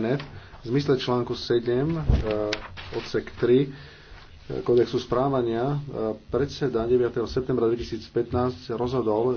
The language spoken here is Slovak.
NF v zmysle článku 7 e, odsek 3 e, kodexu správania e, predseda 9. septembra 2015 rozhodol,